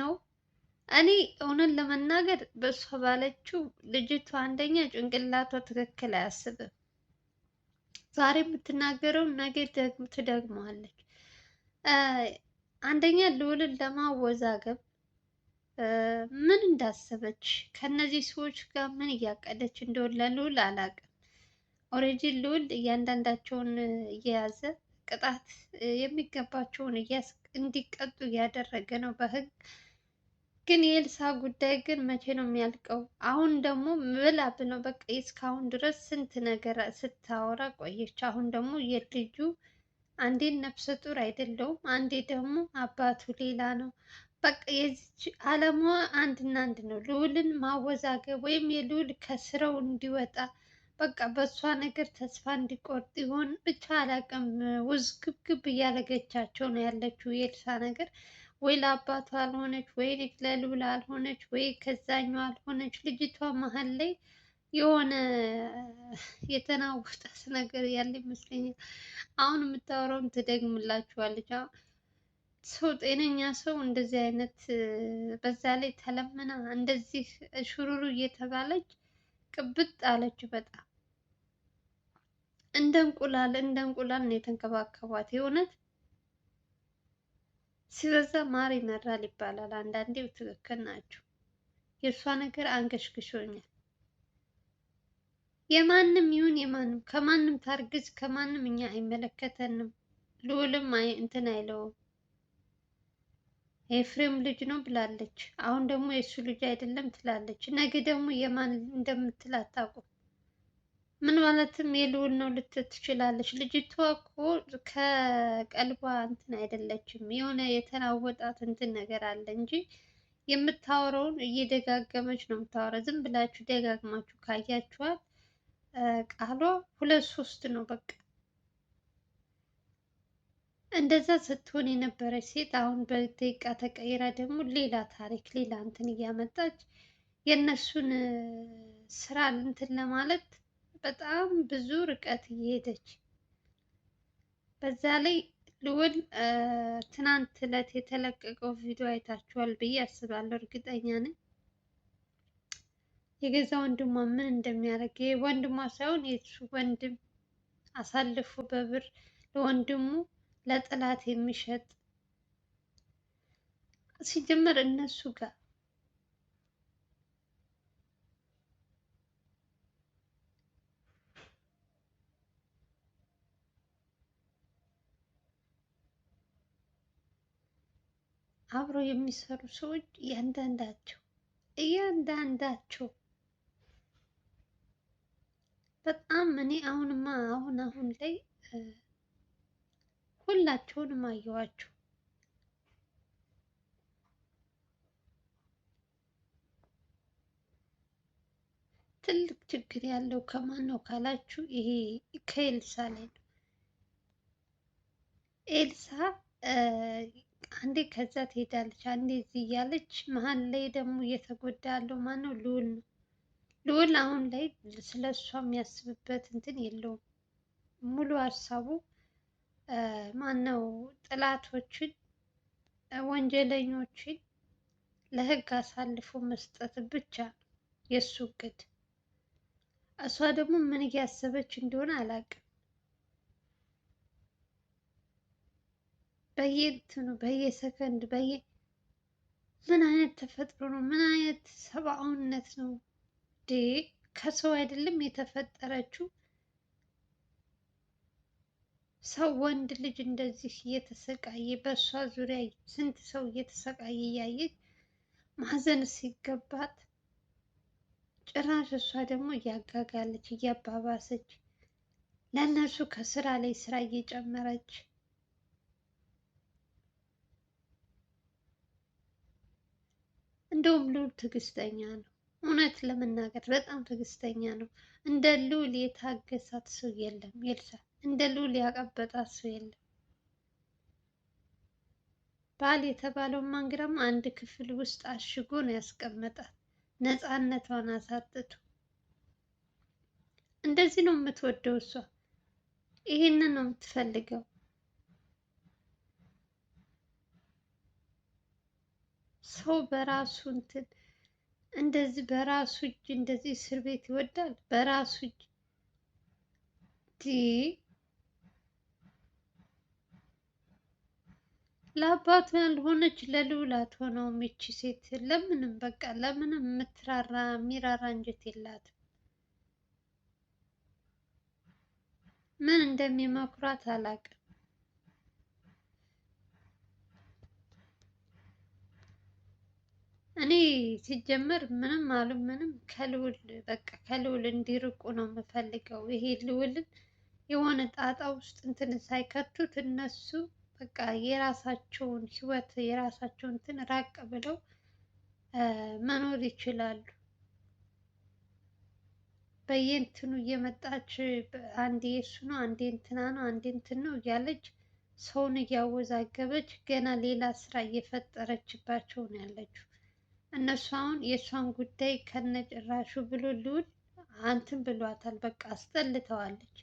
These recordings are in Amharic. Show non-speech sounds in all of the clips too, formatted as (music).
ነው። እኔ እውነት ለመናገር በእሷ ባለችው ልጅቷ አንደኛ ጭንቅላቷ ትክክል አያስብም። ዛሬ የምትናገረው ነገ ትደግመዋለች። አንደኛ ልዑልን ለማወዛገብ ምን እንዳሰበች ከነዚህ ሰዎች ጋር ምን እያቀደች እንደሆነ ለልዑል አላውቅም። ኦሬጂ ልዑል እያንዳንዳቸውን እየያዘ ቅጣት የሚገባቸውን እያስ እንዲቀጡ እያደረገ ነው በህግ። ግን የኤልሳ ጉዳይ ግን መቼ ነው የሚያልቀው? አሁን ደግሞ ብላ ብለው በቃ እስካሁን ድረስ ስንት ነገር ስታወራ ቆየች። አሁን ደግሞ የልጁ አንዴ ነፍሰ ጡር አይደለውም፣ አንዴ ደግሞ አባቱ ሌላ ነው። በቃ የዚች ዓላማዋ አንድና አንድ ነው፣ ልዑልን ማወዛገብ ወይም የልዑል ከስራው እንዲወጣ በቃ በእሷ ነገር ተስፋ እንዲቆርጥ ይሆን ብቻ አላውቅም። ውዝግብግብ እያደረገቻቸው ነው ያለችው የኤልሳ ነገር ወይ ለአባቷ አልሆነች፣ ወይ ለልዑል አልሆነች፣ ወይ ከዛኛው አልሆነች። ልጅቷ መሀል ላይ የሆነ የተናወጣት (laughs) ነገር ያለ ይመስለኛል። አሁን የምታወራውን ትደግምላችኋለች። አሁን ሰው ጤነኛ ሰው እንደዚህ አይነት በዛ ላይ ተለምና እንደዚህ ሽሩሩ እየተባለች ቅብጥ አለች በጣም እንደ እንቁላል እንደ እንቁላል ነው የተንከባከቧት። የእውነት ሲበዛ ማር ይመራል ይባላል። አንዳንዴ ትክክል ናቸው። የእሷ ነገር አንገሽግሾኛል። የማንም ይሁን የማንም ከማንም ታርግዝ ከማንም እኛ አይመለከተንም። ልዑልም እንትን አይለውም። የፍሬም ልጅ ነው ብላለች። አሁን ደግሞ የእሱ ልጅ አይደለም ትላለች። ነገ ደግሞ የማን እንደምትል አታውቁም። ምን ማለትም የልዑል ነው ልትል ትችላለች። ልጅቷ እኮ ከቀልቧ እንትን አይደለችም። የሆነ የተናወጣት እንትን ነገር አለ እንጂ የምታወራውን እየደጋገመች ነው የምታወራ። ዝም ብላችሁ ደጋግማችሁ ካያችኋት ቃሏ ሁለት ሶስት ነው በቃ። እንደዛ ስትሆን የነበረች ሴት አሁን በደቂቃ ተቀይራ ደግሞ ሌላ ታሪክ ሌላ እንትን እያመጣች የእነሱን ስራ እንትን ለማለት በጣም ብዙ ርቀት እየሄደች በዛ ላይ ልዑል ትናንት እለት የተለቀቀው ቪዲዮ አይታችኋል ብዬ አስባለሁ። እርግጠኛ ነኝ የገዛ ወንድሟ ምን እንደሚያደርግ ይሄ ወንድሟ ሳይሆን የሱ ወንድም አሳልፎ በብር ለወንድሙ ለጠላት የሚሸጥ ሲጀመር እነሱ ጋር አብረው የሚሰሩ ሰዎች እያንዳንዳቸው እያንዳንዳቸው በጣም እኔ አሁንማ አሁን አሁን ላይ ሁላቸውንም አየዋቸው። ትልቅ ችግር ያለው ከማን ነው ካላችሁ፣ ይሄ ከኤልሳ ላይ ነው። ኤልሳ አንዴ ከዛ ትሄዳለች፣ አንዴ እዚህ እያለች መሀል ላይ ደግሞ እየተጎዳ ያለው ማነው? ልዑል ነው። ልዑል አሁን ላይ ስለ እሷ የሚያስብበት እንትን የለውም። ሙሉ ሀሳቡ ማነው ጠላቶችን፣ ወንጀለኞችን ለህግ አሳልፎ መስጠት ብቻ የእሱ እቅድ። እሷ ደግሞ ምን እያሰበች እንደሆነ አላውቅም። በየእንትኑ በየሰከንድ በየ ምን አይነት ተፈጥሮ ነው? ምን አይነት ሰብአዊነት ነው? ዴ ከሰው አይደለም የተፈጠረችው። ሰው ወንድ ልጅ እንደዚህ እየተሰቃየ በእሷ ዙሪያ ስንት ሰው እየተሰቃየ እያየች ማዘን ሲገባት ጭራሽ እሷ ደግሞ እያጋጋለች እያባባሰች ለእነሱ ከስራ ላይ ስራ እየጨመረች እንደውም ልዑል ትዕግስተኛ ነው። እውነት ለመናገር በጣም ትዕግስተኛ ነው። እንደ ልዑል የታገሳት ሰው የለም ኤልሳ። እንደ ልዑል ያቀበጣት ሰው የለም። ባል የተባለው ማንግራም አንድ ክፍል ውስጥ አሽጎ ነው ያስቀመጣት፣ ነፃነቷን አሳጥቶ። እንደዚህ ነው የምትወደው እሷ፣ ይህንን ነው የምትፈልገው። ሰው በራሱ እንትን እንደዚህ በራሱ እጅ እንደዚህ እስር ቤት ይወዳል። በራሱ እጅ ለአባቱ ያልሆነች ለልውላት ሆነው ይቺ ሴት ለምንም በቃ ለምንም የምትራራ የሚራራ አንጀት የላትም። ምን እንደሚመኩራት አላውቅም። እኔ ሲጀመር ምንም አሉ ምንም ከልዑል በቃ ከልዑል እንዲርቁ ነው የምፈልገው። ይሄ ልዑልን የሆነ ጣጣ ውስጥ እንትን ሳይከቱት እነሱ በቃ የራሳቸውን ህይወት የራሳቸውን እንትን ራቅ ብለው መኖር ይችላሉ። በየእንትኑ እየመጣች አንዴ እሱ ነው አንዴ እንትና ነው አንዴ እንትን ነው እያለች ሰውን እያወዛገበች ገና ሌላ ስራ እየፈጠረችባቸው ነው ያለችው። እነሱ አሁን የእሷን ጉዳይ ከነጭራሹ ብሎ ልዑል አንትን ብሏታል። በቃ አስጠልተዋለች።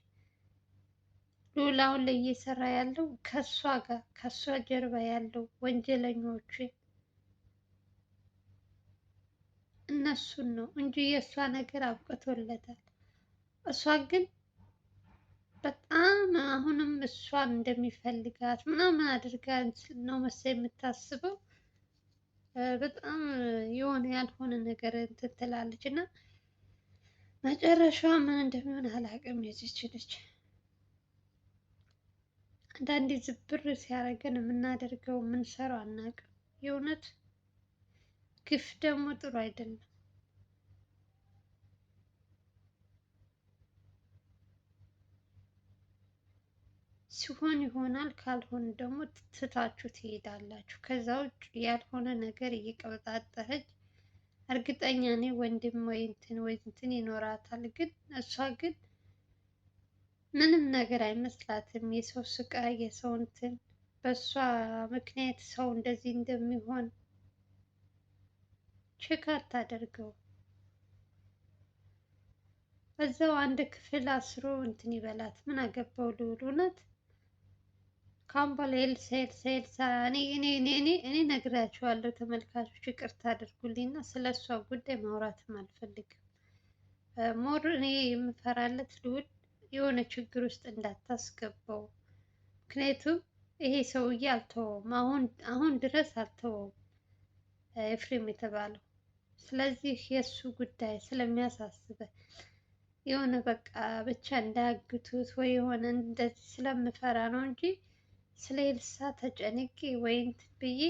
ልዑል አሁን ላይ እየሰራ ያለው ከእሷ ጋር ከእሷ ጀርባ ያለው ወንጀለኞቹ እነሱን ነው እንጂ የእሷ ነገር አብቅቶለታል። እሷ ግን በጣም አሁንም እሷን እንደሚፈልጋት ምናምን አድርጋ ነው መሰለኝ የምታስበው በጣም የሆነ ያልሆነ ነገር እንትን ትላለች እና መጨረሻ ምን እንደሚሆን አላውቅም። የዚች ልጅ አንዳንዴ ዝብር ሲያደርገን የምናደርገው የምንሰራው አናውቅም። የእውነት ግፍ ደግሞ ጥሩ አይደለም። ሲሆን ይሆናል፣ ካልሆነ ደግሞ ትታችሁ ትሄዳላችሁ። ከዛ ውጭ ያልሆነ ነገር እየቀበጣጠረች እርግጠኛ ነኝ ወንድም ወይ እንትን ወይ እንትን ይኖራታል። ግን እሷ ግን ምንም ነገር አይመስላትም። የሰው ስቃይ፣ የሰው እንትን በእሷ ምክንያት ሰው እንደዚህ እንደሚሆን ቼክ አታደርገው። በዛው አንድ ክፍል አስሮ እንትን ይበላት። ምን አገባው ልዑል እውነት ካምባላ ኤልሳ ኤልሳ ሳኒ እኔ እኔ እኔ እኔ ነግራችኋለሁ ተመልካቾች፣ ይቅርታ አድርጉልኝና ስለ እሷ ጉዳይ ማውራትም አልፈልግም። ሞር እኔ የምፈራለት ልውድ የሆነ ችግር ውስጥ እንዳታስገባው። ምክንያቱም ይሄ ሰውዬ አልተወውም፣ አሁን አሁን ድረስ አልተወውም ኤፍሬም የተባለው። ስለዚህ የእሱ ጉዳይ ስለሚያሳስበ የሆነ በቃ ብቻ እንዳያግቱት ወይ የሆነ እንደዚህ ስለምፈራ ነው እንጂ ስለ ኤልሳ ተጨንቄ ወይም ብዬ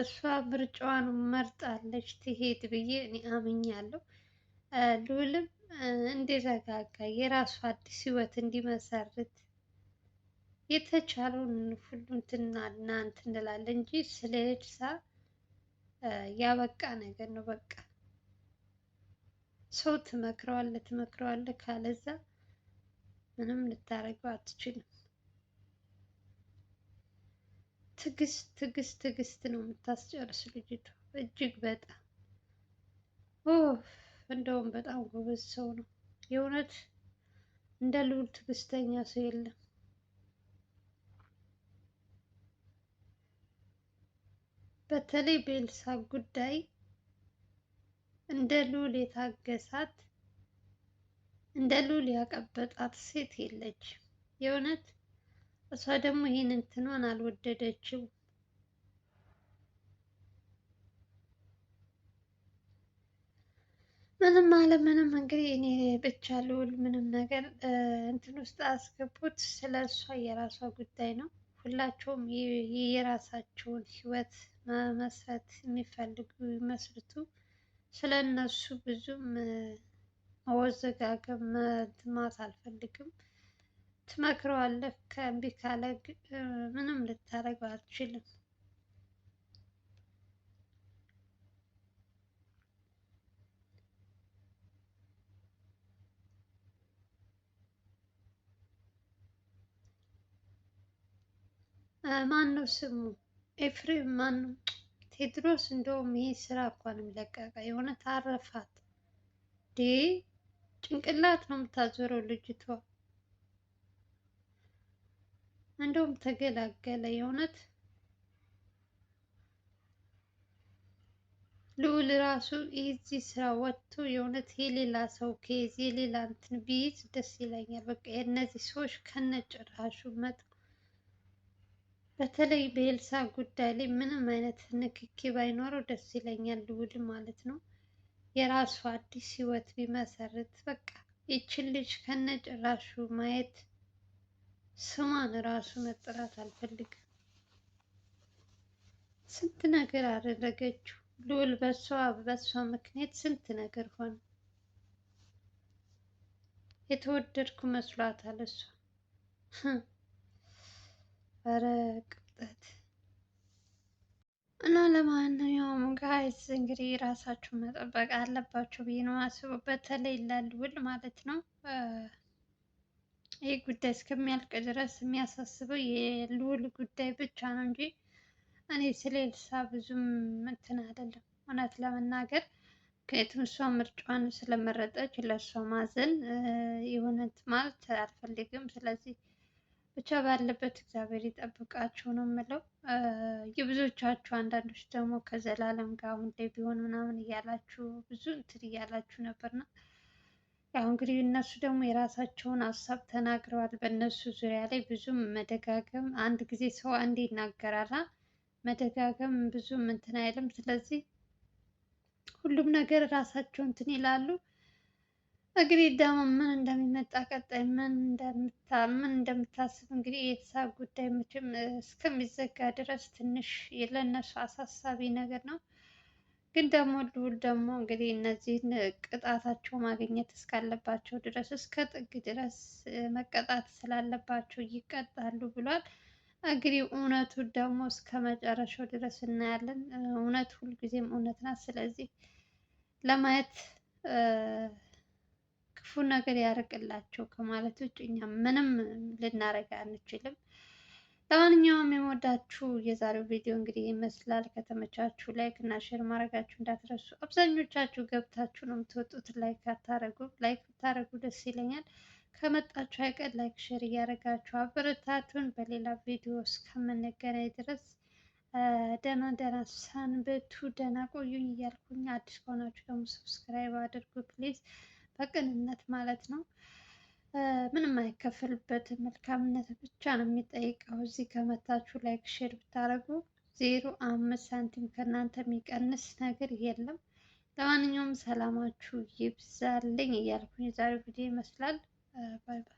እሷ ምርጫዋን መርጣለች ትሄድ ብዬ እኔ አምኛለሁ። ልዑልም እንዲረጋጋ የራሱ አዲስ ህይወት እንዲመሰርት የተቻለውን ሁሉ እንትና እንትን እንላለን እንጂ ስለ ኤልሳ ያበቃ ነገር ነው። በቃ ሰው ትመክረዋለህ ትመክረዋለህ፣ ካለዛ ምንም ልታደርገው አትችልም። ትግስት ትግስት ትግስት ነው የምታስጨርስ ልጅቱ እጅግ በጣም እንደውም በጣም ጎበዝ ሰው ነው የእውነት እንደ ልዑል ትግስተኛ ሰው የለም። በተለይ በኤልሳ ጉዳይ እንደ ልዑል የታገሳት እንደ ልዑል ያቀበጣት ሴት የለችም የእውነት እሷ ደግሞ ይህን እንትኗን አልወደደችው። ምንም አለ ምንም እንግዲህ እኔ ብቻ ልውል ምንም ነገር እንትን ውስጥ አስገቡት። ስለ እሷ የራሷ ጉዳይ ነው። ሁላቸውም የራሳቸውን ህይወት መመስረት የሚፈልጉ ይመስርቱ። ስለ እነሱ ብዙም መወዘጋገብ ማት አልፈልግም። ትመክረዋለህ። ከእምቢ ካለ ምንም ልታደርገው አትችልም። ማን ነው ስሙ? ኤፍሬም ማን ነው? ቴድሮስ እንደውም ይህ ስራ እንኳን ለቀቀ። የሆነ ታረፋት ዴ ጭንቅላት ነው የምታዞረው ልጅቷ። እንደውም ተገላገለ። የእውነት ልዑል ራሱ እዚህ ስራ ወጥቶ የእውነት የሌላ ሰው ኬዝ የሌላ እንትን ቢይዝ ደስ ይለኛል። በቃ የእነዚህ ሰዎች ከነጭራሹ መጥ በተለይ በኤልሳ ጉዳይ ላይ ምንም አይነት ንክኪ ባይኖረው ደስ ይለኛል። ልዑል ማለት ነው የራሱ አዲስ ህይወት ቢመሰርት በቃ ይችን ልጅ ከነጭራሹ ማየት ስሟን ራሱ መጥራት አልፈልግም። ስንት ነገር አደረገችው። ልዑል በሷ በሷ ምክንያት ስንት ነገር ሆነ። የተወደድኩ መስሏታል እሷ። ኧረ ቅብጠት እና ለማንኛውም ጋይስ እንግዲህ ራሳችሁ መጠበቅ አለባችሁ ብዬ ነው የማስበው። በተለይ ለልዑል ማለት ነው። ይህ ጉዳይ እስከሚያልቅ ድረስ የሚያሳስበው የልዑል ጉዳይ ብቻ ነው እንጂ እኔ ስለ ኤልሳ ብዙም እንትን አይደለም። እውነት ለመናገር ከየትም እሷ ምርጫዋን ስለመረጠች ለእሷ ማዘን የሆነት ማለት አልፈልግም። ስለዚህ ብቻ ባለበት እግዚአብሔር ይጠብቃችሁ ነው የምለው። የብዙዎቻችሁ አንዳንዶች ደግሞ ከዘላለም ጋር አሁን ላይ ቢሆን ምናምን እያላችሁ ብዙ እንትን እያላችሁ ነበር ነው ያው እንግዲህ እነሱ ደግሞ የራሳቸውን ሀሳብ ተናግረዋል። በእነሱ ዙሪያ ላይ ብዙም መደጋገም አንድ ጊዜ ሰው አንዴ ይናገራል፣ መደጋገም ብዙም እንትን አይልም። ስለዚህ ሁሉም ነገር ራሳቸው እንትን ይላሉ። እንግዲህ ደግሞ ምን እንደሚመጣ ቀጣይ ምን እንደምታስብ እንግዲህ የተሳ ጉዳይ መቼም እስከሚዘጋ ድረስ ትንሽ ለእነሱ አሳሳቢ ነገር ነው። ግን ደግሞ ልዑል ደግሞ እንግዲህ እነዚህን ቅጣታቸው ማግኘት እስካለባቸው ድረስ እስከ ጥግ ድረስ መቀጣት ስላለባቸው ይቀጣሉ ብሏል። እንግዲህ እውነቱ ደግሞ እስከ መጨረሻው ድረስ እናያለን። እውነት ሁልጊዜም እውነት ናት። ስለዚህ ለማየት ክፉ ነገር ያርቅላቸው ከማለት ውጭ እኛ ምንም ልናደርግ አንችልም። ለማንኛውም የምወዳችሁ የዛሬው ቪዲዮ እንግዲህ ይመስላል። ከተመቻችሁ ላይክ እና ሼር ማድረጋችሁ እንዳትረሱ። አብዛኞቻችሁ ገብታችሁ ነው የምትወጡት፣ ላይክ አታረጉ። ላይክ ብታረጉ ደስ ይለኛል። ከመጣችሁ አይቀር ላይክ ሼር እያደረጋችሁ አበረታቱን። በሌላ ቪዲዮ እስከምንገናኝ ድረስ ደህና ደህና ሰንብቱ፣ ደህና ቆዩኝ እያልኩኝ አዲስ ከሆናችሁ ደግሞ ሰብስክራይብ አድርጉ ፕሊዝ፣ በቅንነት ማለት ነው። ምንም አይከፈልበት መልካምነት ብቻ ነው የሚጠይቀው። እዚህ ከመታችሁ ላይክ ሼር ብታደርጉ ዜሮ አምስት ሳንቲም ከእናንተ የሚቀንስ ነገር የለም። ለማንኛውም ሰላማችሁ ይብዛልኝ እያልኩኝ የዛሬው ቪዲዮ ይመስላል። ባይ ባይ።